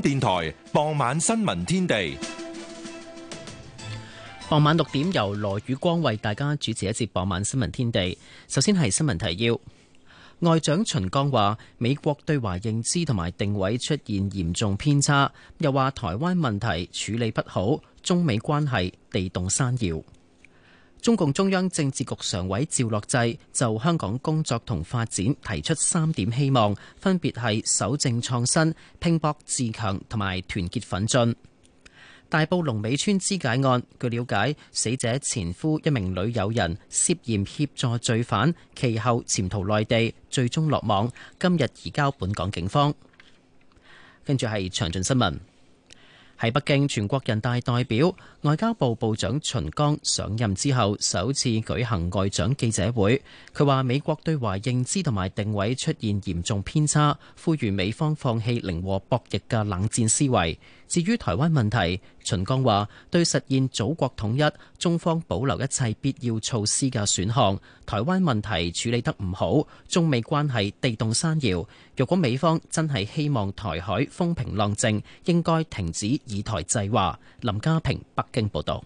電台傍晚新聞天地，傍晚六點由羅宇光為大家主持一節傍晚新聞天地。首先係新聞提要，外長秦剛話美國對華認知同埋定位出現嚴重偏差，又話台灣問題處理不好，中美關係地動山搖。中共中央政治局常委趙樂際就香港工作同發展提出三點希望，分別係守正創新、拼搏自強同埋團結奮進。大埔龍尾村肢解案，據了解，死者前夫一名女友人涉嫌協助罪犯，其後潛逃內地，最終落網，今日移交本港警方。跟住係詳盡新聞。喺北京，全國人大代表外交部部長秦剛上任之後，首次舉行外長記者會。佢話：美國對華認知同埋定位出現嚴重偏差，呼籲美方放棄零和博弈嘅冷戰思維。至於台灣問題，秦剛話：對實現祖國統一，中方保留一切必要措施嘅選項。台灣問題處理得唔好，中美關係地動山搖。若果美方真係希望台海風平浪靜，應該停止以台制華。林家平，北京報導。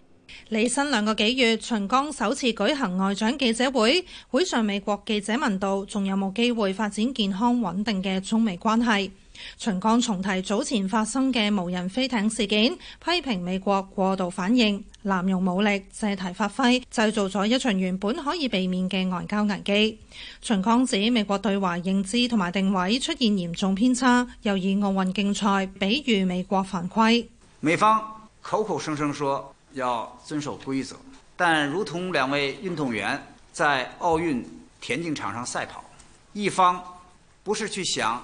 履新兩個幾月，秦剛首次舉行外長記者會，會上美國記者問到：仲有冇機會發展健康穩定嘅中美關係？秦剛重提早前發生嘅無人飛艇事件，批評美國過度反應、濫用武力、借題發揮，製造咗一場原本可以避免嘅外交危機。秦剛指美國對華認知同埋定位出現嚴重偏差，又以奧運競賽比喻美國犯規。美方口口聲聲說要遵守規則，但如同兩位運動員在奧運田徑場上賽跑，一方不是去想。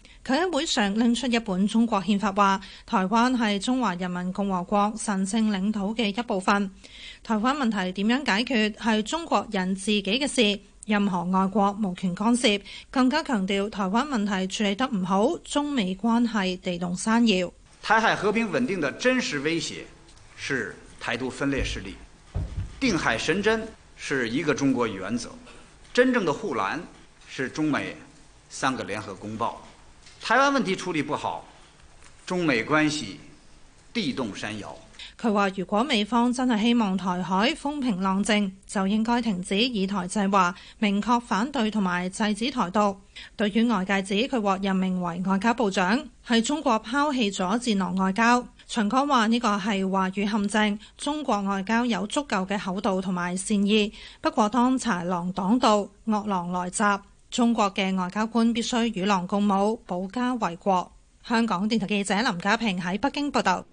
佢喺會上拎出一本中國憲法，話台灣係中華人民共和國神聖領土嘅一部分。台灣問題點樣解決係中國人自己嘅事，任何外國無權干涉。更加強調台灣問題處理得唔好，中美關係地動山搖。台海和平穩定嘅真實威脅是台獨分裂勢力。定海神針是一個中國原則，真正的護欄，是中美三個聯合公報。台灣問題處理不好，中美關係地動山搖。佢話：如果美方真係希望台海風平浪靜，就應該停止以台制華，明確反對同埋制止台獨。對於外界指佢獲任命為外交部長，係中國拋棄咗戰狼外交，秦剛話呢個係話語陷阱。中國外交有足夠嘅厚道同埋善意，不過當豺狼擋道，惡狼來襲。中國嘅外交官必須與狼共舞，保家衛國。香港電台記者林家平喺北京報道。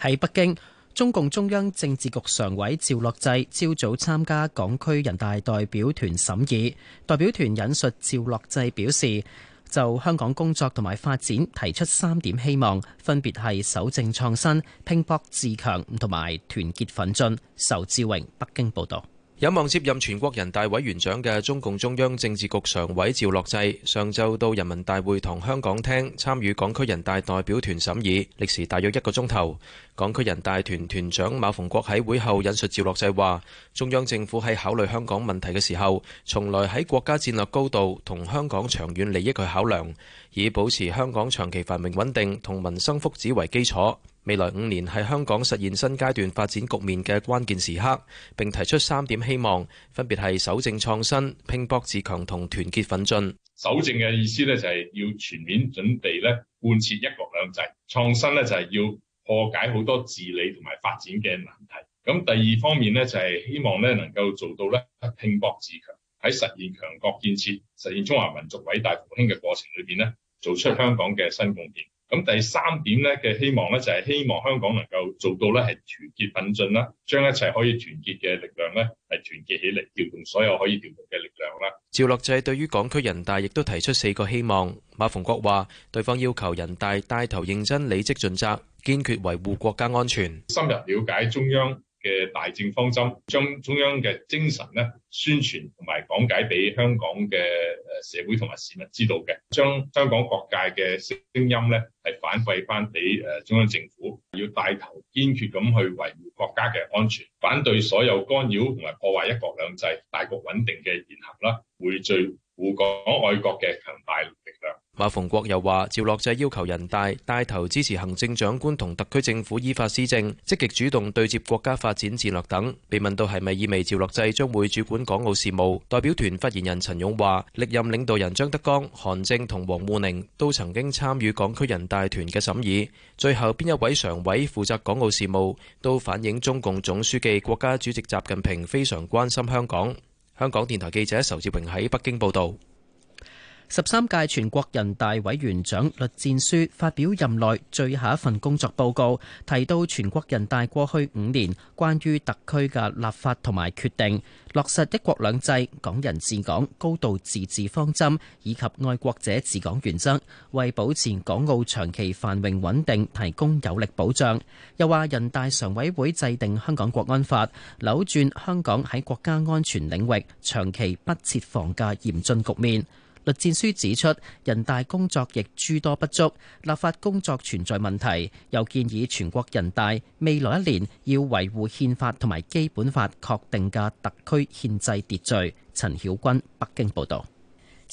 喺北京，中共中央政治局常委趙樂際朝早參加港區人大代表團審議。代表團引述趙樂際表示，就香港工作同埋發展提出三點希望，分別係守正創新、拼搏自強同埋團結奮進。仇志榮，北京報導。有望接任全國人大委員長嘅中共中央政治局常委趙樂際，上晝到人民大會堂香港廳參與港區人大代表團審議，歷時大約一個鐘頭。港區人大團團長馬逢國喺會後引述趙樂際話：中央政府喺考慮香港問題嘅時候，從來喺國家戰略高度同香港長遠利益去考量，以保持香港長期繁榮穩定同民生福祉為基礎。未來五年係香港實現新階段發展局面嘅關鍵時刻，並提出三點希望，分別係守正創新、拼搏自強同團結奮進。守正嘅意思咧就係要全面準備咧，貫徹一國兩制；創新咧就係要破解好多治理同埋發展嘅難題。咁第二方面呢，就係希望呢，能夠做到咧拼搏自強，喺實現強國建設、實現中華民族偉大復興嘅過程裏邊呢，做出香港嘅新貢獻。咁第三點咧嘅希望咧，就係希望香港能夠做到咧，係團結奮進啦，將一切可以團結嘅力量咧，係團結起嚟，調動所有可以調動嘅力量啦。趙樂際對於港區人大亦都提出四個希望。馬逢國話：對方要求人大帶頭認真履職盡責，堅決維護國家安全，深入了解中央。嘅大政方針，將中央嘅精神咧宣傳同埋講解俾香港嘅誒社會同埋市民知道嘅，將香港各界嘅聲音咧係反饋翻俾誒中央政府，要帶頭堅決咁去維護國家嘅安全，反對所有干擾同埋破壞一國兩制大局穩定嘅言行啦，會最。護港愛國嘅強大力量。馬逢國又話：趙樂際要求人大帶頭支持行政長官同特區政府依法施政，積極主動對接國家發展戰略等。被問到係咪意味趙樂際將會主管港澳事務，代表團發言人陳勇話：歷任領導人張德江、韓正同王滬寧都曾經參與港區人大團嘅審議，最後邊一位常委負責港澳事務，都反映中共總書記、國家主席習近平非常關心香港。香港電台記者仇志榮喺北京報道。十三屆全國人大委員長栗戰書發表任內最後一份工作報告，提到全國人大過去五年關於特區嘅立法同埋決定，落實一國兩制、港人治港、高度自治方針以及愛國者治港原則，為保持港澳長期繁榮穩定提供有力保障。又話，人大常委會制定香港國安法，扭轉香港喺國家安全領域長期不設防嘅嚴峻局面。栗戰書指出，人大工作亦諸多不足，立法工作存在問題，又建議全國人大未來一年要維護憲法同埋基本法確定嘅特區憲制秩序。陳曉君北京報導。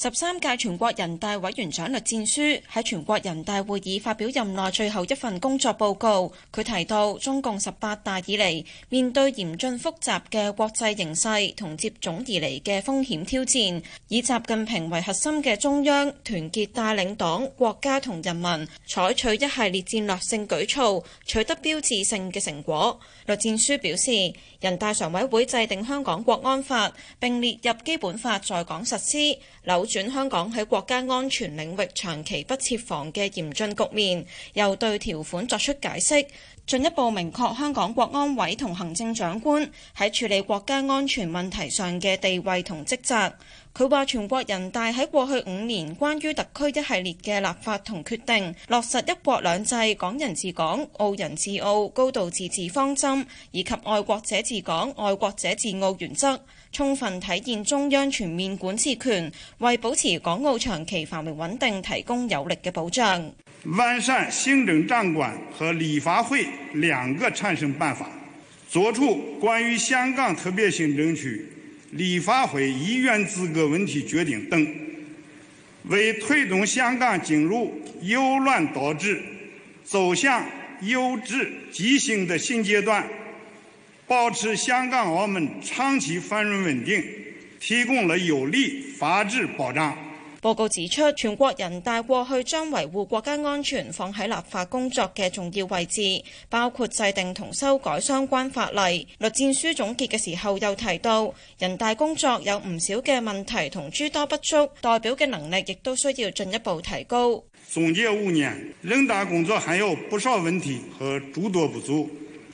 十三屆全國人大委員長栗戰書喺全國人大會議發表任內最後一份工作報告，佢提到中共十八大以嚟，面對嚴峻複雜嘅國際形勢同接踵而嚟嘅風險挑戰，以習近平為核心嘅中央團結帶領黨、國家同人民，採取一系列戰略性舉措，取得標誌性嘅成果。栗戰書表示，人大常委會制定香港國安法並列入基本法在港實施，留，轉香港喺國家安全領域長期不設防嘅嚴峻局面，又對條款作出解釋，進一步明確香港國安委同行政長官喺處理國家安全問題上嘅地位同職責。佢話全國人大喺過去五年關於特區一系列嘅立法同決定，落實一國兩制、港人治港、澳人治澳、高度自治方針，以及愛國者治港、愛國者治澳原則。充分體現中央全面管治權，為保持港澳長期繁榮穩定提供有力的保障。完善行政長官和立法會兩個產生辦法，作出關於香港特別行政區立法會議員資格問題決定等，為推動香港進入由亂到治、走向由治及興的新階段。保持香港澳門長期繁榮穩定，提供了有力法治保障。報告指出，全國人大過去將維護國家安全放喺立法工作嘅重要位置，包括制定同修改相關法例。栗戰書總結嘅時候又提到，人大工作有唔少嘅問題同諸多不足，代表嘅能力亦都需要進一步提高。總結五年，人大工作還有不少問題和諸多不足。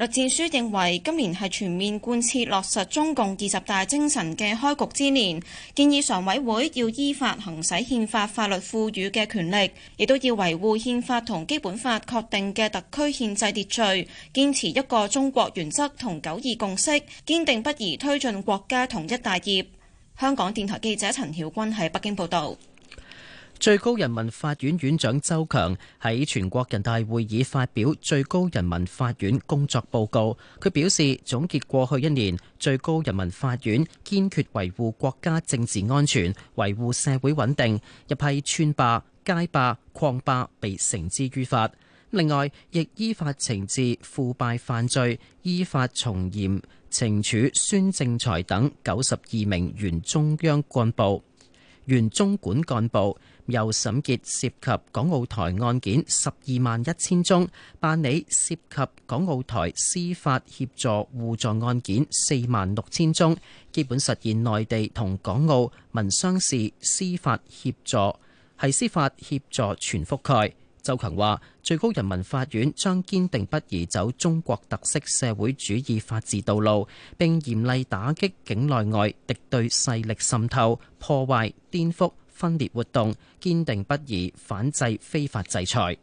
栗戰書認為今年係全面貫徹落實中共二十大精神嘅開局之年，建議常委會要依法行使憲法法律賦予嘅權力，亦都要維護憲法同基本法確定嘅特區憲制秩序，堅持一個中國原則同九二共識，堅定不移推進國家統一大業。香港電台記者陳曉君喺北京報道。最高人民法院院長周強喺全國人大會議發表最高人民法院工作報告。佢表示，總結過去一年，最高人民法院堅決維護國家政治安全、維護社會穩定，一批村霸、街霸、礦霸被繩之於法。另外，亦依法懲治腐敗犯罪，依法從嚴懲處孫政才等九十二名原中央幹部、原中管幹部。又審結涉及港澳台案件十二萬一千宗，辦理涉及港澳台司法協助互助案件四萬六千宗，基本實現內地同港澳民商事司法協助系司法協助全覆蓋。周強話：最高人民法院將堅定不移走中國特色社會主義法治道路，並嚴厲打擊境內外敵對勢力滲透、破壞、顛覆。分裂活動，堅定不移反制非法制裁。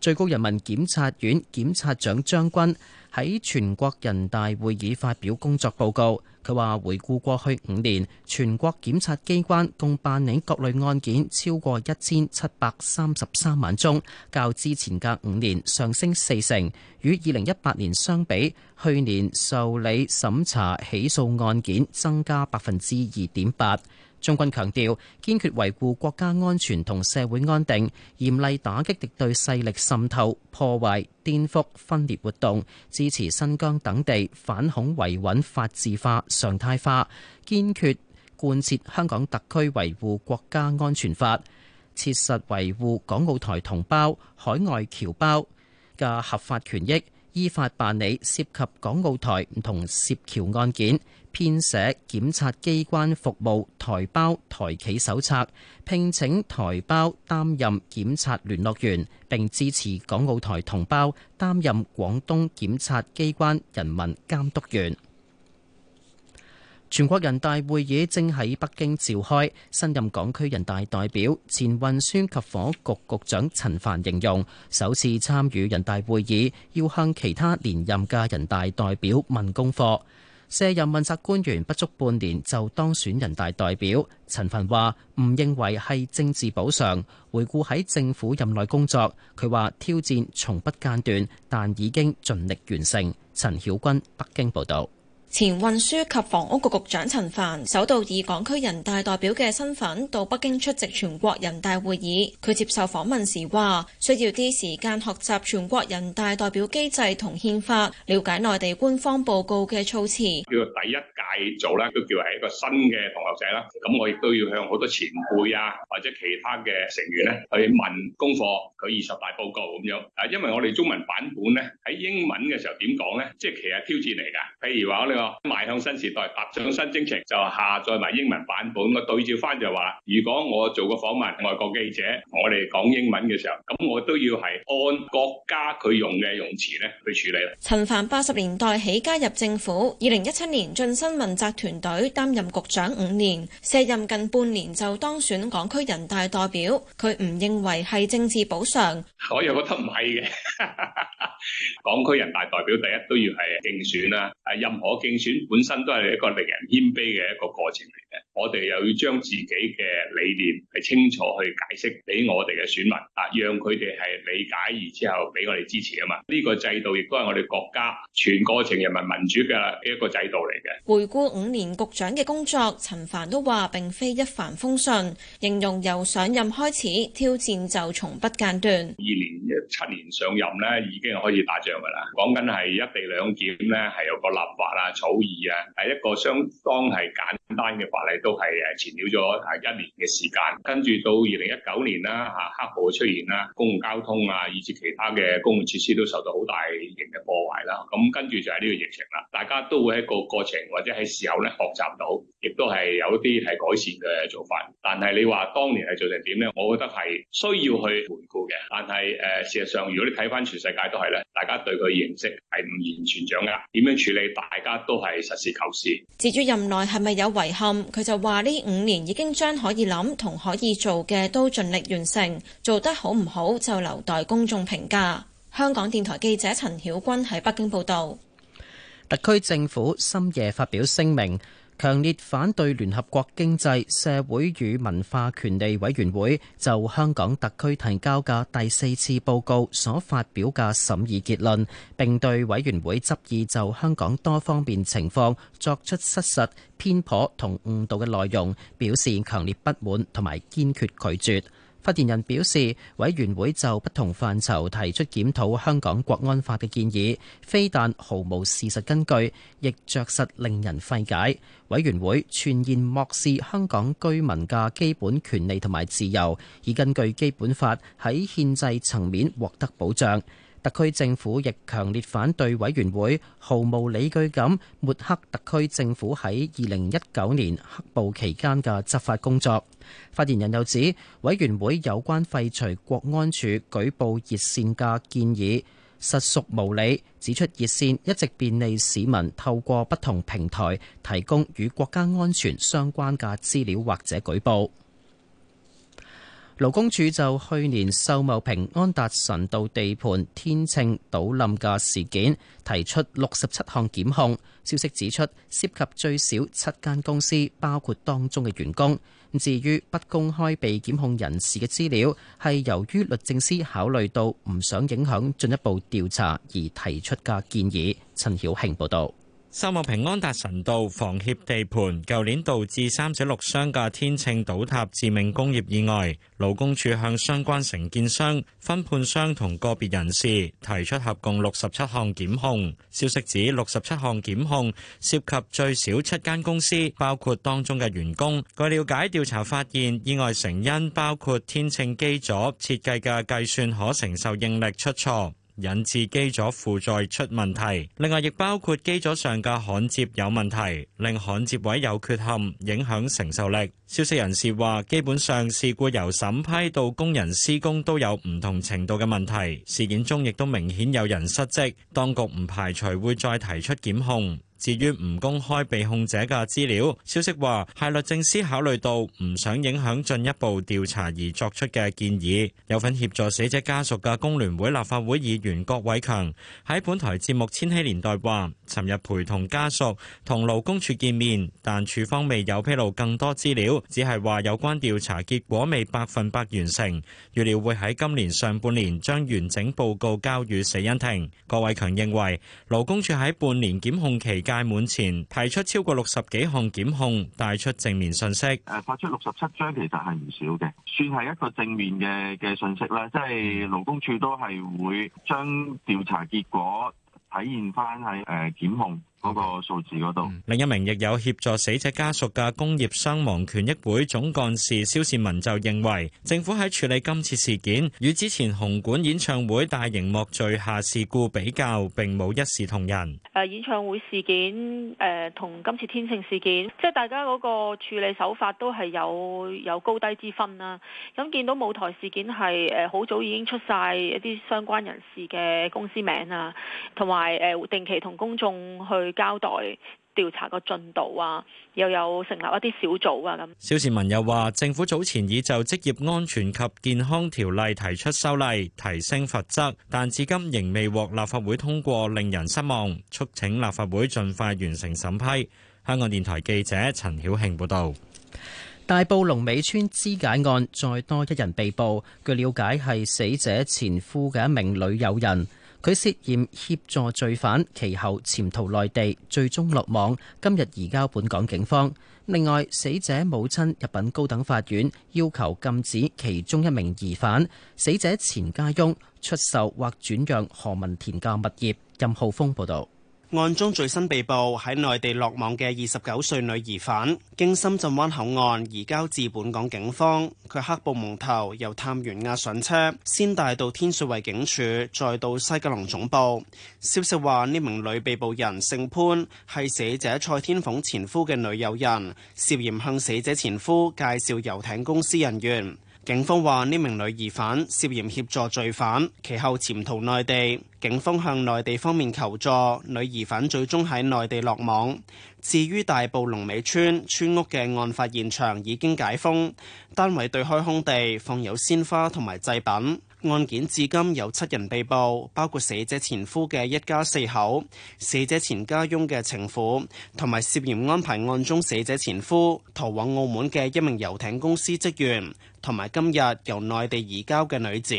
最高人民檢察院檢察長張軍喺全國人大會議發表工作報告，佢話回顧過去五年，全國檢察機關共辦理各類案件超過一千七百三十三萬宗，較之前嘅五年上升四成。與二零一八年相比，去年受理審查起訴案件增加百分之二點八。中軍強調，堅決維護國家安全同社會安定，嚴厲打擊敵對勢力滲透、破壞、顛覆、分裂活動，支持新疆等地反恐維穩法治化、常態化，堅決貫徹香港特區維護國家安全法，切實維護港澳台同胞、海外僑胞嘅合法權益。依法辦理涉及港澳台唔同涉僑案件，編寫檢察機關服務台胞台企手冊，聘請台胞擔任檢察聯絡員，並支持港澳台同胞擔任廣東檢察機關人民監督員。全國人大會議正喺北京召開，新任港區人大代表、前運輸及房屋局局長陳帆形容，首次參與人大會議，要向其他連任嘅人大代表問功課。卸任問責官員不足半年就當選人大代表，陳帆話唔認為係政治補償。回顧喺政府任內工作，佢話挑戰從不間斷，但已經盡力完成。陳曉君，北京報導。前運輸及房屋局局長陳帆首度以港區人大代表嘅身份到北京出席全國人大會議。佢接受訪問時話，需要啲時間學習全國人大代表機制同憲法，了解內地官方報告嘅措辭。叫做第一屆做啦，都叫係一個新嘅同學仔啦。咁我亦都要向好多前輩啊或者其他嘅成員咧去問功課，佢二十大報告咁樣。啊，因為我哋中文版本呢，喺英文嘅時候點講呢？即係其實挑戰嚟㗎。譬如話我哋。邁向新時代，踏上新征程，就下載埋英文版本。我對照翻就話，如果我做個訪問外國記者，我哋講英文嘅時候，咁我都要係按國家佢用嘅用詞咧去處理。陳帆八十年代起加入政府，二零一七年晉身問責團隊，擔任局長五年，卸任近半年就當選港區人大代表。佢唔認為係政治補償，我又覺得唔係嘅。港區人大代表第一都要係競選啦，係任何競選本身都係一個令人謙卑嘅一個過程嚟嘅，我哋又要將自己嘅理念係清楚去解釋俾我哋嘅選民啊，讓佢哋係理解，然之後俾我哋支持啊嘛。呢個制度亦都係我哋國家全過程人民民主嘅一個制度嚟嘅。回顧五年局長嘅工作，陳帆都話並非一帆風順，形容由上任開始挑戰就從不間斷。二零一七年上任呢已經可以打仗噶啦，講緊係一地兩檢呢係有個立法啦。草擬啊，係一個相當係簡單嘅法例，都係誒纏繞咗啊一年嘅時間。跟住到二零一九年啦，嚇黑河出現啦，公共交通啊，以至其他嘅公共設施都受到好大型嘅破壞啦。咁跟住就係呢個疫情啦，大家都會喺個過程或者係時候咧學習到，亦都係有啲係改善嘅做法。但係你話當年係做成點咧？我覺得係需要去回顧嘅。但係誒、呃，事實上如果你睇翻全世界都係咧。大家對佢認識係唔完全掌握，點樣處理大家都係實事求是。至於任內係咪有遺憾？佢就話呢五年已經將可以諗同可以做嘅都盡力完成，做得好唔好就留待公眾評價。香港電台記者陳曉君喺北京報道。特區政府深夜發表聲明。強烈反對聯合國經濟、社會與文化權利委員會就香港特區提交嘅第四次報告所發表嘅審議結論，並對委員會執意就香港多方面情況作出失實、偏頗同誤導嘅內容表示強烈不滿同埋堅決拒絕。發言人表示，委員會就不同範疇提出檢討香港國安法嘅建議，非但毫無事實根據，亦着實令人費解。委員會全然漠視香港居民嘅基本權利同埋自由，以根據基本法喺憲制層面獲得保障。特區政府亦強烈反對委員會毫無理據咁抹黑特區政府喺二零一九年黑暴期間嘅執法工作。發言人又指，委員會有關廢除國安處舉報熱線嘅建議，實屬無理，指出熱線一直便利市民透過不同平台提供與國家安全相關嘅資料或者舉報。勞工處就去年秀茂坪安達臣道地盤天秤倒冧嘅事件，提出六十七項檢控。消息指出，涉及最少七間公司，包括當中嘅員工。至於不公開被檢控人士嘅資料，係由於律政司考慮到唔想影響進一步調查而提出嘅建議。陳曉慶報道。秀茂坪安達臣道房協地盤，舊年導致三死六傷嘅天秤倒塌致命工業意外，勞工處向相關承建商、分判商同個別人士提出合共六十七項檢控。消息指六十七項檢控涉及最少七間公司，包括當中嘅員工。據了解，調查發現意外成因包括天秤機組設計嘅計算可承受應力出錯。引致基座負載出問題，另外亦包括基座上嘅焊接有問題，令焊接位有缺陷，影響承受力。消息人士話，基本上事故由審批到工人施工都有唔同程度嘅問題，事件中亦都明顯有人失職，當局唔排除會再提出檢控。至於唔公開被控者嘅資料，消息話，係律政司考慮到唔想影響進一步調查而作出嘅建議。有份協助死者家屬嘅工聯會立法會議員郭偉強喺本台節目千禧年代，尋日陪同家屬同勞工處見面，但處方未有披露更多資料，只係話，有關調查結果未百分百完成。預料會喺今年上半年將完整報告交予死因庭。郭偉強認為，勞工處喺半年檢控期間屆滿前提出超過六十幾項檢控，帶出正面信息。誒，發出六十七張，其實係唔少嘅，算係一個正面嘅嘅信息啦。即係勞工處都係會將調查結果體現翻喺誒檢控。嗰個數字嗰度，另一名亦有協助死者家屬嘅工業傷亡權益會總幹事蕭倩文就認為，政府喺處理今次事件與之前紅館演唱會大熒幕墜下事故比較，並冇一視同仁。誒演唱會事件誒同今次天盛事件，即係大家嗰個處理手法都係有有高低之分啦。咁見到舞台事件係誒好早已經出曬一啲相關人士嘅公司名啊，同埋誒定期同公眾去。交代調查個進度啊，又有成立一啲小組啊咁。蕭志文又話，政府早前已就職業安全及健康條例提出修例，提升罰則，但至今仍未獲立法會通過，令人失望，促請立法會盡快完成審批。香港電台記者陳曉慶報道。大埔龍尾村肢解案再多一人被捕，據了解係死者前夫嘅一名女友人。佢涉嫌協助罪犯，其後潛逃內地，最終落網。今日移交本港警方。另外，死者母親入禀高等法院，要求禁止其中一名疑犯死者前家翁出售或轉讓何文田嘅物業。任浩峰報導。案中最新被捕喺內地落網嘅二十九歲女疑犯，經深圳灣口岸移交至本港警方。佢黑布蒙頭，由探員押上車，先帶到天水圍警署，再到西九龍總部。消息話，呢名女被捕人姓潘，係死者蔡天鳳前夫嘅女友人，涉嫌向死者前夫介紹遊艇公司人員。警方話：呢名女疑犯涉嫌協助罪犯，其後潛逃內地。警方向內地方面求助，女疑犯最終喺內地落網。至於大埔龍尾村村屋嘅案發現場已經解封，單位對開空地放有鮮花同埋祭品。案件至今有七人被捕，包括死者前夫嘅一家四口、死者前家翁嘅情婦，同埋涉嫌安排案中死者前夫逃往澳門嘅一名遊艇公司職員，同埋今日由內地移交嘅女子。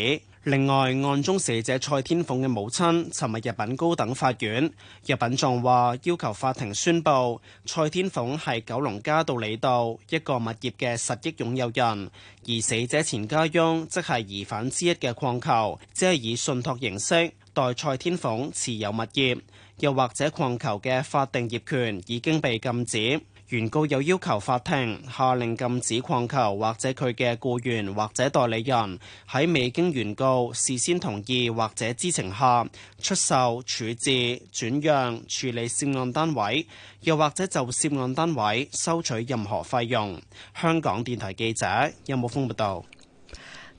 另外，案中死者蔡天鳳嘅母親尋日入稟高等法院，入稟狀話要求法庭宣布蔡天鳳係九龍嘉道理道一個物業嘅實益擁有人，而死者前家翁即係疑犯之一嘅鄺球，只係以信託形式代蔡天鳳持有物業，又或者鄺球嘅法定業權已經被禁止。原告又要求法庭下令禁止礦球或者佢嘅僱員或者代理人喺未經原告事先同意或者知情下出售、處置、轉讓、處理涉案單位，又或者就涉案單位收取任何費用。香港電台記者任武峯報道。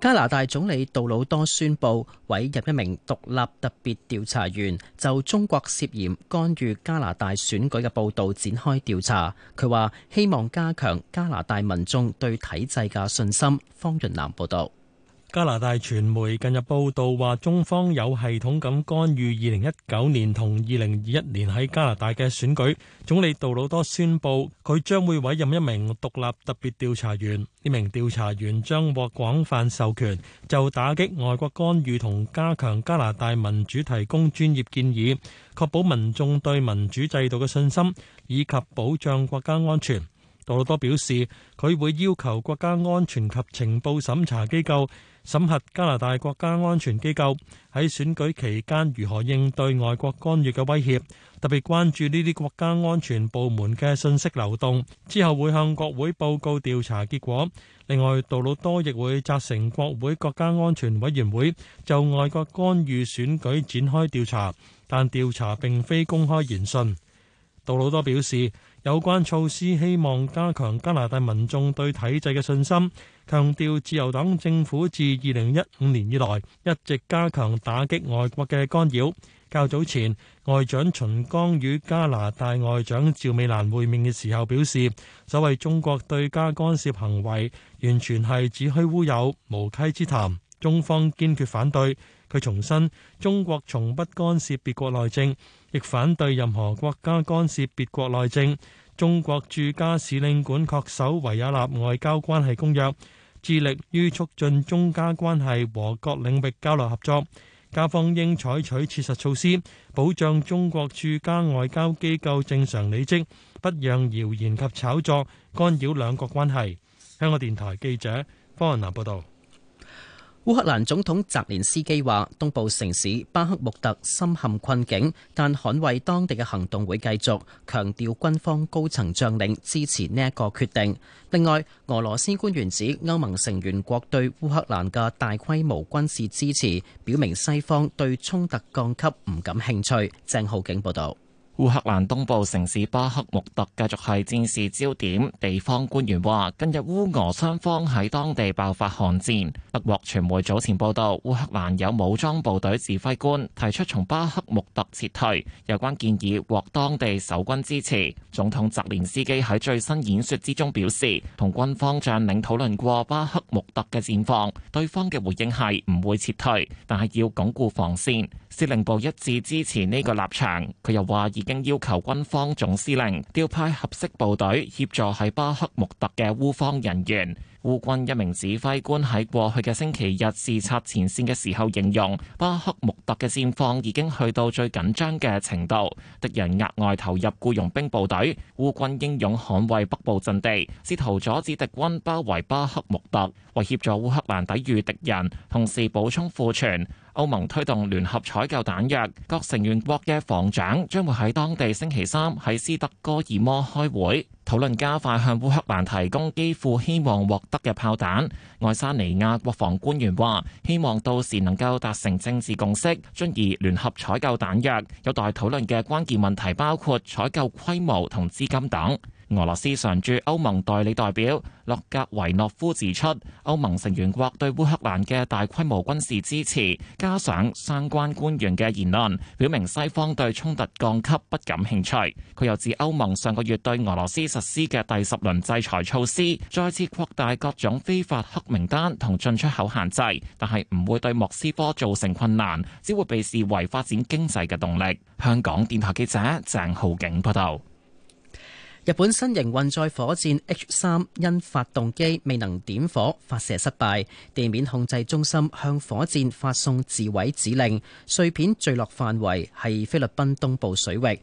加拿大總理杜魯多宣布委任一名獨立特別調查員，就中國涉嫌干預加拿大選舉嘅報道展開調查。佢話希望加強加拿大民眾對體制嘅信心。方潤南報道。加拿大傳媒近日報道話，中方有系統咁干預二零一九年同二零二一年喺加拿大嘅選舉。總理杜魯多宣布，佢將會委任一名獨立特別調查員，呢名調查員將獲廣泛授權，就打擊外國干預同加強加拿大民主提供專業建議，確保民眾對民主制度嘅信心，以及保障國家安全。杜魯多表示，佢會要求國家安全及情報審查機構，審核加拿大國家安全機構喺選舉期間如何應對外國干預嘅威脅，特別關注呢啲國家安全部門嘅信息流動。之後會向國會報告調查結果。另外，杜魯多亦會責成國會國家安全委員會就外國干預選舉展開調查，但調查並非公開聆訊。杜魯多表示，有關措施希望加強加拿大民眾對體制嘅信心，強調自由黨政府自二零一五年以來一直加強打擊外國嘅干擾。較早前，外長秦剛與加拿大外長趙美蘭會面嘅時候表示，所謂中國對加干涉行為完全係子虛烏有、無稽之談，中方堅決反對。佢重申，中國從不干涉別國內政，亦反對任何國家干涉別國內政。中國駐加使領館恪守維也納外交關係公約，致力於促進中加關係和各領域交流合作。加方應採取切實措施，保障中國駐加外交機構正常履職，不讓謠言及炒作干擾兩國關係，香港電台記者方雲南報道。烏克蘭總統澤連斯基話：東部城市巴克穆特深陷困境，但捍衛當地嘅行動會繼續，強調軍方高層將領支持呢一個決定。另外，俄羅斯官員指歐盟成員國對烏克蘭嘅大規模軍事支持，表明西方對衝突降級唔感興趣。鄭浩景報道。烏克蘭東部城市巴克穆特繼續係戰事焦點，地方官員話，近日烏俄雙方喺當地爆發巷戰。德國傳媒早前報道，烏克蘭有武裝部隊指揮官提出從巴克穆特撤退，有關建議獲當地守軍支持。總統澤連斯基喺最新演說之中表示，同軍方將領討論過巴克穆特嘅戰況，對方嘅回應係唔會撤退，但係要鞏固防線。司令部一致支持呢個立場，佢又話已經要求軍方總司令調派合適部隊協助喺巴克穆特嘅烏方人員。烏軍一名指揮官喺過去嘅星期日視察前線嘅時候形容，巴克穆特嘅戰況已經去到最緊張嘅程度。敵人額外投入僱傭兵部隊，烏軍英勇捍衛北部陣地，試圖阻止敵軍包圍巴克穆特，為協助烏克蘭抵禦敵人，同時補充庫存，歐盟推動聯合採購彈藥，各成員國嘅防長將會喺當地星期三喺斯德哥爾摩開會，討論加快向烏克蘭提供基輔希望獲得嘅炮彈。愛沙尼亞國防官員話，希望到時能夠達成政治共識，進而聯合採購彈藥。有待討論嘅關鍵問題包括採購規模同資金等。俄羅斯常駐歐盟代理代表洛格維諾夫指出，歐盟成員國對烏克蘭嘅大規模軍事支持，加上相關官員嘅言論，表明西方對衝突降級不感興趣。佢又指，歐盟上個月對俄羅斯實施嘅第十輪制裁措施，再次擴大各種非法黑名單同進出口限制，但係唔會對莫斯科造成困難，只會被視為發展經濟嘅動力。香港電台記者鄭浩景報道。日本新型運載火箭 H 三因發動機未能點火，發射失敗。地面控制中心向火箭發送自毀指令。碎片墜落範圍係菲律賓東部水域。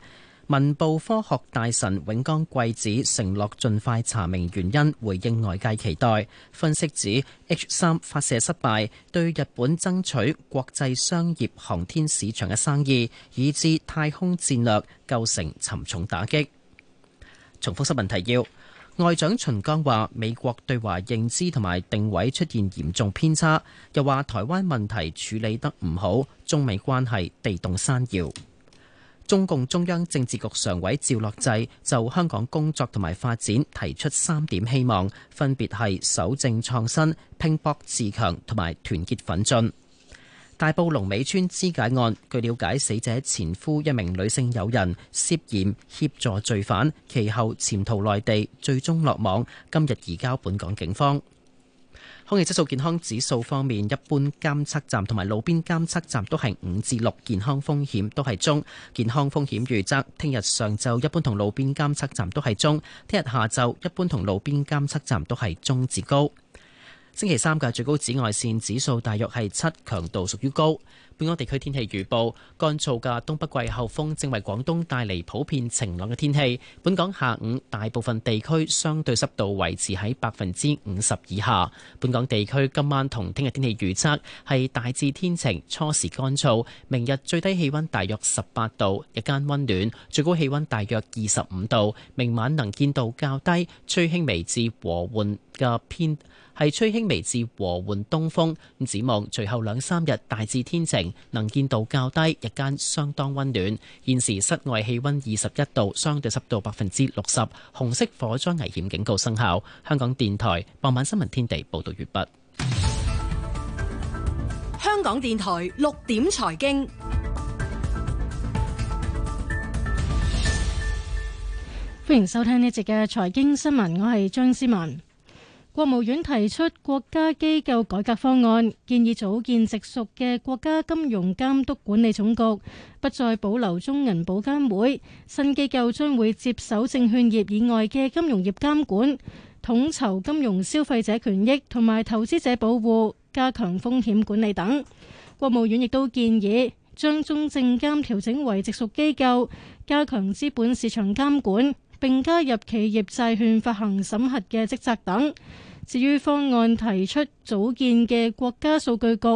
文部科學大臣永江貴子承諾盡快查明原因，回應外界期待。分析指 H 三發射失敗對日本爭取國際商業航天市場嘅生意，以至太空戰略構成沉重打擊。重複新聞提要：外長秦剛話美國對華認知同埋定位出現嚴重偏差，又話台灣問題處理得唔好，中美關係地動山搖。中共中央政治局常委趙樂際就香港工作同埋發展提出三點希望，分別係守正創新、拼搏自強同埋團結奮進。大埔龍尾村肢解案，據了解，死者前夫一名女性友人涉嫌協助罪犯，其後潛逃內地，最終落網，今日移交本港警方。空氣質素健康指數方面，一般監測站同埋路邊監測站都係五至六，健康風險都係中。健康風險預測，聽日上晝一般同路邊監測站都係中，聽日下晝一般同路邊監測站都係中至高。星期三嘅最高紫外線指數大約係七，強度屬於高。本港地區天氣預報，乾燥嘅東北季候風正為廣東帶嚟普遍晴朗嘅天氣。本港下午大部分地區相對濕度維持喺百分之五十以下。本港地區今晚同聽日天氣預測係大致天晴，初時乾燥。明日最低氣溫大約十八度，日間溫暖，最高氣溫大約二十五度。明晚能見度較低，吹輕微至和緩。嘅偏係吹輕微至和緩東風，咁展望隨後兩三日大致天晴，能見度較低，日間相當温暖。現時室外氣温二十一度，相對濕度百分之六十，紅色火災危險警告生效。香港電台傍晚新聞天地報道完畢。香港電台六點財經，歡迎收聽呢節嘅財經新聞，我係張思文。國務院提出國家機構改革方案，建議組建直屬嘅國家金融監督管理總局，不再保留中銀保監會。新機構將會接手證券業以外嘅金融業監管，統籌金融消費者權益同埋投資者保護，加強風險管理等。國務院亦都建議將中證監調整為直屬機構，加強資本市場監管。並加入企業債券發行審核嘅職責等。至於方案提出組建嘅國家數據局，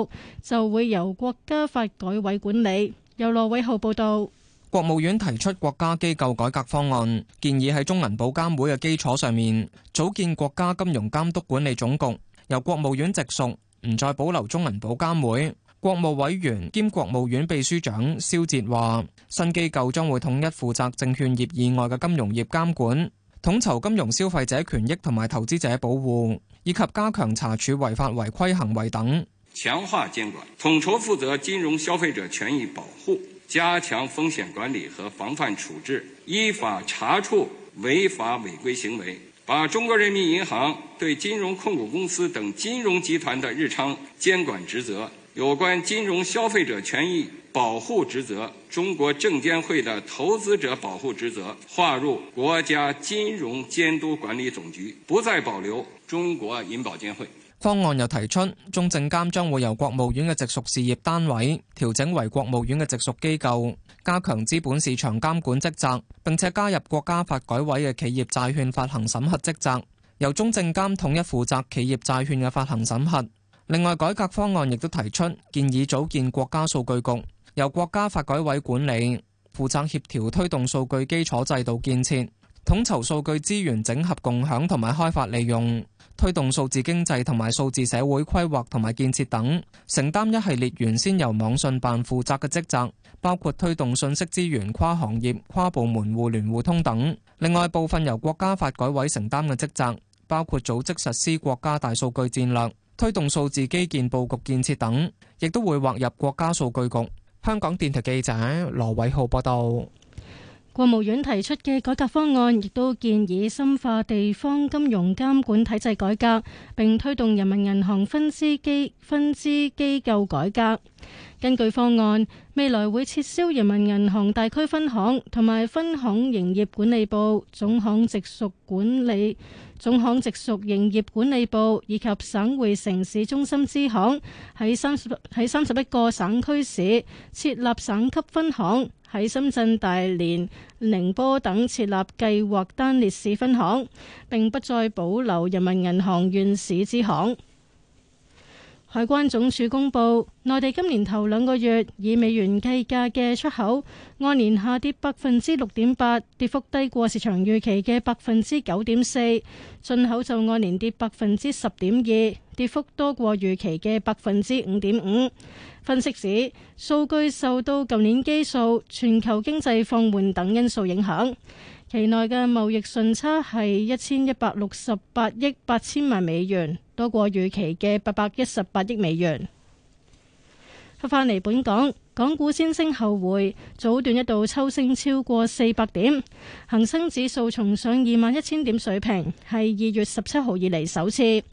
就會由國家發改委管理。由羅偉浩報道。國務院提出國家機構改革方案，建議喺中銀保監會嘅基礎上面，組建國家金融監督管理總局，由國務院直屬，唔再保留中銀保監會。國務委員兼國務院秘書長肖捷話：新機構將會統一負責證券業以外嘅金融業監管，統籌金融消費者權益同埋投資者保護，以及加強查處違法違規行為等。強化監管，統籌負責金融消費者權益保護，加強風險管理和防範處置，依法查處違法違規行為，把中國人民銀行對金融控股公司等金融集團的日常監管職責。有關金融消費者權益保護職責，中國證監會的投資者保護職責劃入國家金融監督管理總局，不再保留中國銀保監會。方案又提出，中證監將會由國務院嘅直屬事業單位調整為國務院嘅直屬機構，加強資本市場監管職責，並且加入國家發改委嘅企業債券發行審核職責，由中證監統一負責企業債券嘅發行審核。另外，改革方案亦都提出建議，組建國家數據局，由國家發改委管理，負責協調推動數據基礎制度建設，統籌數據資源整合共享同埋開發利用，推動數字經濟同埋數字社會規劃同埋建設等，承擔一系列原先由網信辦負責嘅職責，包括推動信息資源跨行業、跨部門互聯互通等。另外，部分由國家發改委承擔嘅職責，包括組織實施國家大數據戰略。推動數字基建布局建設等，亦都會劃入國家數據局。香港電台記者羅偉浩報道，國務院提出嘅改革方案，亦都建議深化地方金融監管體制改革，並推動人民銀行分支機分支機構改革。根據方案，未來會撤銷人民銀行大區分行同埋分行營業管理部，總行直屬管理。總行直屬營業管理部以及省會城市中心支行，喺三十喺三十一個省區市設立省級分行，喺深圳、大連、寧波等設立計劃單列市分行，並不再保留人民銀行縣市支行。海關總署公布，內地今年頭兩個月以美元計價嘅出口按年下跌百分之六點八，跌幅低過市場預期嘅百分之九點四；進口就按年跌百分之十點二，跌幅多過預期嘅百分之五點五。分析指，數據受到舊年基數、全球經濟放緩等因素影響。期內嘅貿易順差係一千一百六十八億八千萬美元。多過預期嘅八百一十八億美元。翻返嚟本港，港股先升後回，早段一度抽升超過四百點，恒生指數重上二萬一千點水平，係二月十七號以嚟首次。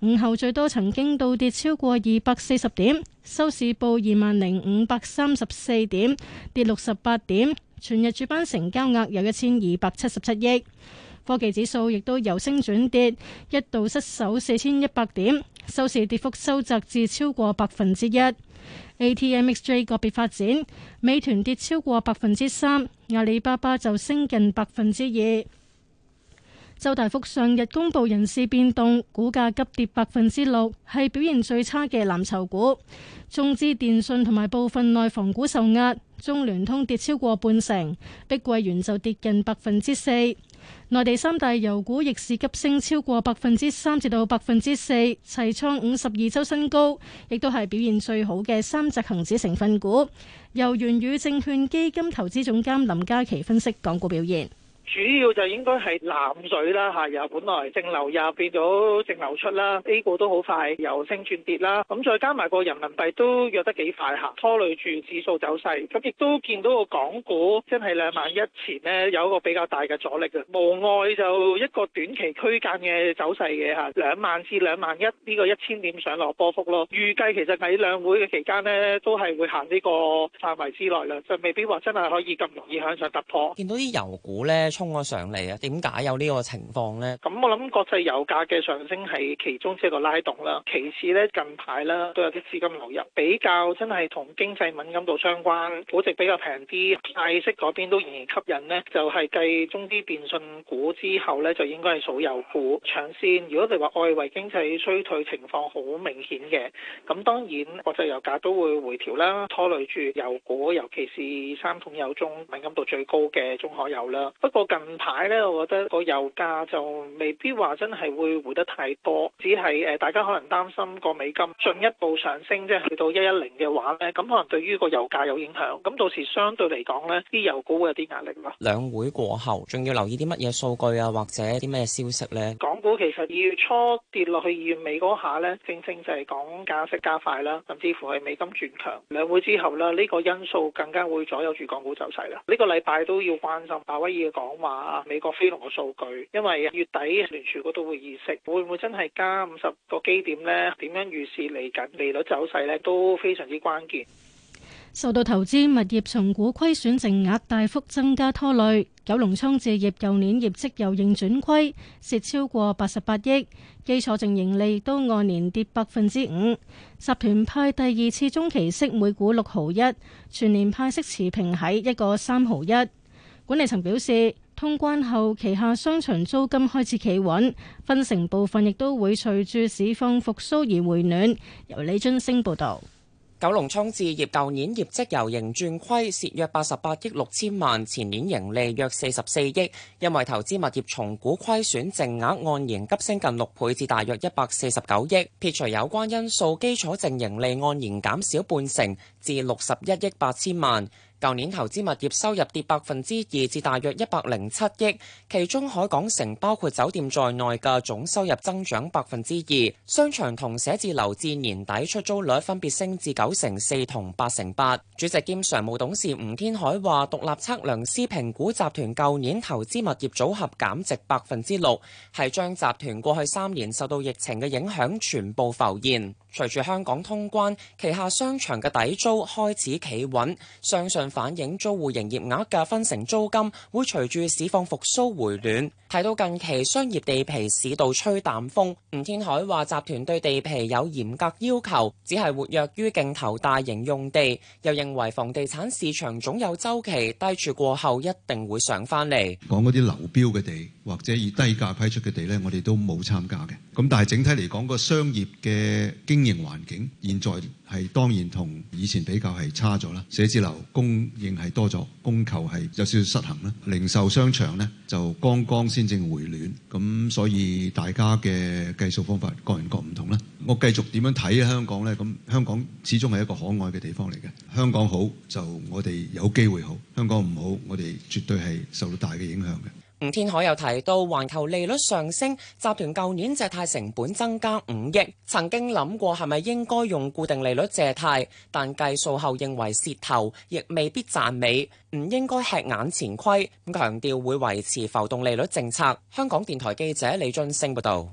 午後最多曾經倒跌超過二百四十點，收市報二萬零五百三十四點，跌六十八點。全日主板成交額有一千二百七十七億。科技指數亦都由升轉跌，一度失守四千一百點，收市跌幅收窄至超過百分之一。A T M X J 個別發展，美團跌超過百分之三，阿里巴巴就升近百分之二。周大福上日公布人事變動，股價急跌百分之六，係表現最差嘅藍籌股。中資電信同埋部分內房股受壓，中聯通跌超過半成，碧桂園就跌近百分之四。內地三大油股逆市急升，超過百分之三至到百分之四，齊創五十二周新高，亦都係表現最好嘅三隻恒指成分股。由元宇證券基金投資總監林嘉琪分析港股表現。主要就應該係南水啦嚇，由本來淨流入變咗淨流出啦，A 股都好快由升轉跌啦，咁再加埋個人民幣都弱得幾快嚇，拖累住指數走勢。咁亦都見到個港股真係兩萬一前呢，有一個比較大嘅阻力嘅，無外就一個短期區間嘅走勢嘅嚇，兩萬至兩萬一呢個一千點上落波幅咯。預計其實喺兩會嘅期間呢，都係會行呢個範圍之內啦，就未必話真係可以咁容易向上突破。見到啲油股呢。沖咗上嚟啊！點解有呢個情況呢？咁我諗國際油價嘅上升係其中一個拉動啦。其次咧，近排咧都有啲資金流入，比較真係同經濟敏感度相關，估值比較平啲，派息嗰邊都仍然吸引呢，就係繼中資電信股之後咧，就應該係數油股搶先。如果你話外圍經濟衰退情況好明顯嘅，咁當然國際油價都會回調啦，拖累住油股，尤其是三桶油中敏感度最高嘅中海油啦。不過，近排咧，我覺得個油價就未必話真係會回得太多，只係誒大家可能擔心個美金進一步上升，即係去到一一零嘅話咧，咁可能對於個油價有影響。咁到時相對嚟講咧，啲油股會有啲壓力咯。兩會過後，仲要留意啲乜嘢數據啊，或者啲咩消息咧？港股其實二月初跌落去二月尾嗰下咧，正正就係講加息加快啦，甚至乎係美金轉強。兩會之後啦，呢個因素更加會左右住港股走勢啦。呢個禮拜都要關心鮑威爾嘅講，話美國非農嘅數據，因為月底聯儲局都會議息，會唔會真係加五十個基點呢？點樣預示嚟緊利率走勢呢？都非常之關鍵。受到投資物業重估虧損淨額大幅增加拖累，九龍倉置業舊年業績由盈轉虧，蝕超過八十八億，基礎淨盈利都按年跌百分之五。集團派第二次中期息每股六毫一，全年派息持平喺一個三毫一。管理層表示。通關後，旗下商場租金開始企穩，分成部分亦都會隨住市況復甦而回暖。由李津升報導。九龍倉置業舊年業績由盈轉虧，蝕約八十八億六千萬，前年盈利約四十四億，因為投資物業重估虧損淨額按年急升近六倍至大約一百四十九億，撇除有關因素，基礎淨盈利按年減少半成至六十一億八千萬。舊年投資物業收入跌百分之二，至大約一百零七億。其中海港城包括酒店在內嘅總收入增長百分之二。商場同寫字樓至年底出租率分別升至九成四同八成八。主席兼常務董事吳天海話：獨立測量師評估集團舊年投資物業組合減值百分之六，係將集團過去三年受到疫情嘅影響全部浮現。隨住香港通關，旗下商場嘅底租開始企穩，相信反映租戶營業額嘅分成租金會隨住市況復甦回暖。睇到近期商業地皮市道吹淡風，吳天海話集團對地皮有嚴格要求，只係活躍於競投大型用地。又認為房地產市場總有周期，低處過後一定會上返嚟。講嗰啲流標嘅地，或者以低價批出嘅地呢，我哋都冇參加嘅。咁但係整體嚟講，個商業嘅經營環境現在係當然同以前比較係差咗啦。寫字樓供應係多咗，供求係有少少失衡啦。零售商場咧就剛剛先正回暖，咁所以大家嘅計數方法各人各唔同啦。我繼續點樣睇香港咧？咁香港始終係一個可愛嘅地方嚟嘅。香港好就我哋有機會好，香港唔好我哋絕對係受到大嘅影響嘅。吳天海又提到，環球利率上升，集團舊年借貸成本增加五億。曾經諗過係咪應該用固定利率借貸，但計數後認為蝕頭，亦未必賺美，唔應該吃眼前虧。咁強調會維持浮動利率政策。香港電台記者李俊升報道。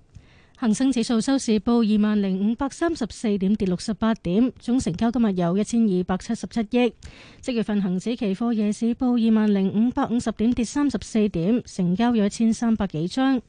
恒生指數收市報二萬零五百三十四點，跌六十八點，總成交今日有一千二百七十七億。即月份恒指期貨夜市報二萬零五百五十點，跌三十四點，成交有一千三百幾張，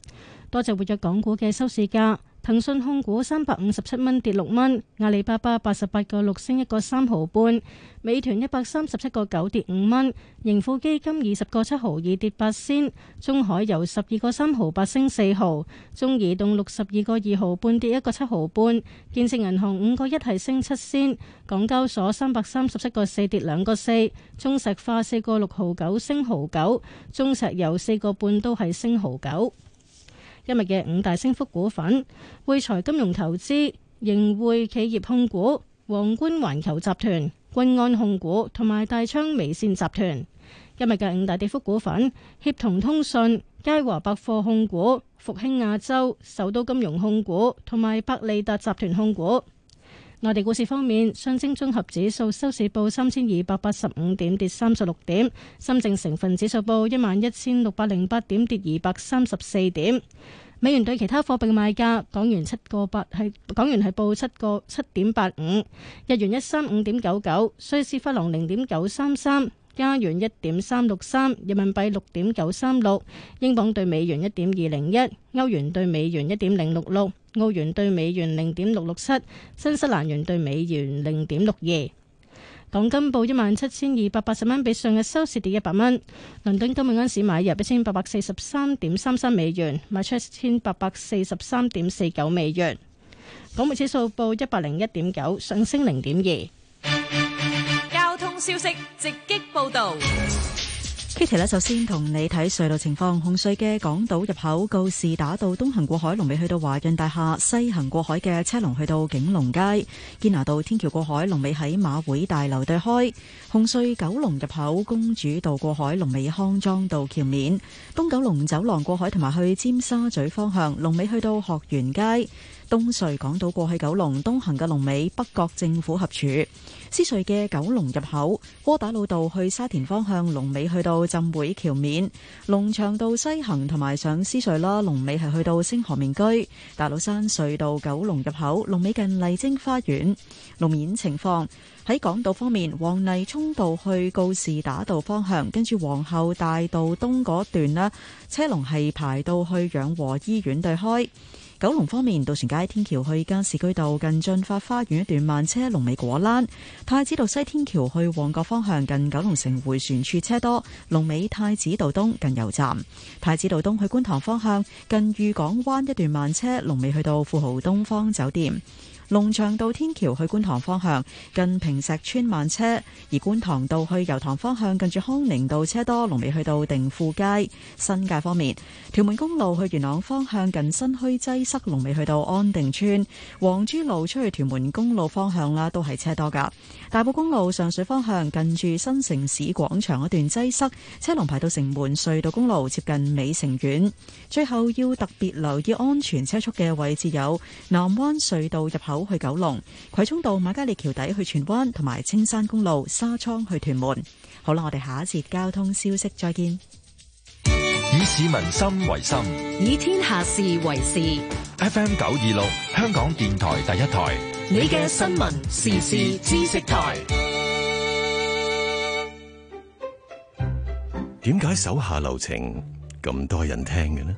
多隻活躍港股嘅收市價。騰訊控股三百五十七蚊跌六蚊，阿里巴巴八十八個六升一個三毫半，美團一百三十七個九跌五蚊，盈富基金二十個七毫二跌八仙，中海油十二個三毫八升四毫，中移動六十二個二毫半跌一個七毫半，建設銀行五個一係升七仙，港交所三百三十七個四跌兩個四，中石化四個六毫九升毫九，中石油四個半都係升毫九。今日嘅五大升幅股份：匯財金融投資、盈匯企業控股、皇冠環球集團、均安控股同埋大昌微線集團。今日嘅五大跌幅股份：協同通訊、佳華百貨控股、復興亞洲、首都金融控股同埋百利達集團控股。內地股市方面，上證綜合指數收市報三千二百八十五點，跌三十六點；深證成分指數報一萬一千六百零八點，跌二百三十四點。美元對其他貨幣賣價，港元七個八係，港元係報七個七點八五；85，日元一三五點九九；瑞士法郎零點九三三。加元一點三六三，人民幣六點九三六，英鎊對美元一點二零一，歐元對美元一點零六六，澳元對美元零點六六七，新西蘭元對美元零點六二。港金報一萬七千二百八十蚊，比上日收市跌一百蚊。倫敦金日安市買入一千八百四十三點三三美元，賣出一千八百四十三點四九美元。港匯指數報一百零一點九，上升零點二。消息直擊報道，Kitty 咧，Katie，首先同你睇隧道情況，紅隧嘅港島入口告士打道東行過海龍尾去到華潤大廈，西行過海嘅車龍去到景隆街堅拿道天橋過海龍尾喺馬會大樓對開，紅隧九龍入口公主道過海龍尾康莊道橋面，東九龍走廊過海同埋去尖沙咀方向龍尾去到學園街。東隧港島過去九龍東行嘅龍尾北角政府合署；獅隧嘅九龍入口，窩打老道去沙田方向龍尾去到浸會橋面；龍翔道西行同埋上獅隧啦，龍尾係去到星河明居；大老山隧道九龍入口龍尾近麗晶花園；路面情況喺港島方面，黃泥涌道去告士打道方向，跟住皇后大道東嗰段啦。車龍係排到去養和醫院對開。九龍方面，渡船街天橋去加士居道近駿發花園一段慢車，龍尾果欄；太子道西天橋去旺角方向近九龍城回旋處車多，龍尾太子道東近油站；太子道東去觀塘方向近裕港灣一段慢車，龍尾去到富豪東方酒店。龍翔道天橋去觀塘方向近坪石村慢車，而觀塘道去油塘方向近住康寧道車多，龍尾去到定富街。新界方面，屯門公路去元朗方向近新墟擠塞，龍尾去到安定村。黃珠路出去屯門公路方向啦，都係車多噶。大埔公路上水方向近住新城市廣場段擠塞，車龍排到城門隧道公路接近美城苑。最後要特別留意安全車速嘅位置有南灣隧道入口。去九龍，葵涌道馬嘉烈橋底去荃灣，同埋青山公路沙涌去屯門。好啦，我哋下一節交通消息再見。以市民心為心，以天下事為事。F M 九二六，香港電台第一台，你嘅新聞時事知識台。點解手下留情咁多人聽嘅呢？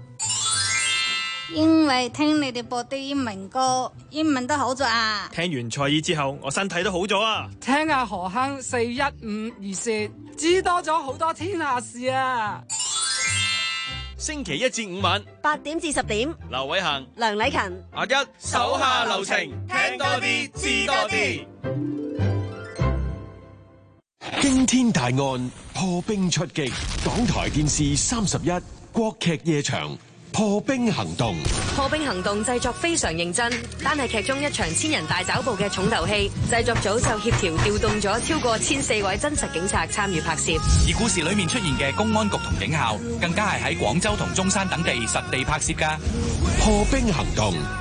因為聽你哋播啲英文歌，英文都好咗啊！聽完賽爾之後，我身體都好咗啊！聽下何坑四一五二說，知多咗好多天下事啊！星期一至五晚八點至十點，劉偉恒、梁禮勤，阿吉，手下留情，聽多啲，知多啲。驚天大案破冰出擊，港台電視三十一，國劇夜場。破冰行動，破冰行動製作非常認真，單係劇中一場千人大抓捕嘅重頭戲，製作組就協調調動咗超過千四位真實警察參與拍攝，而故事裏面出現嘅公安局同警校，更加係喺廣州同中山等地實地拍攝㗎。破冰行動。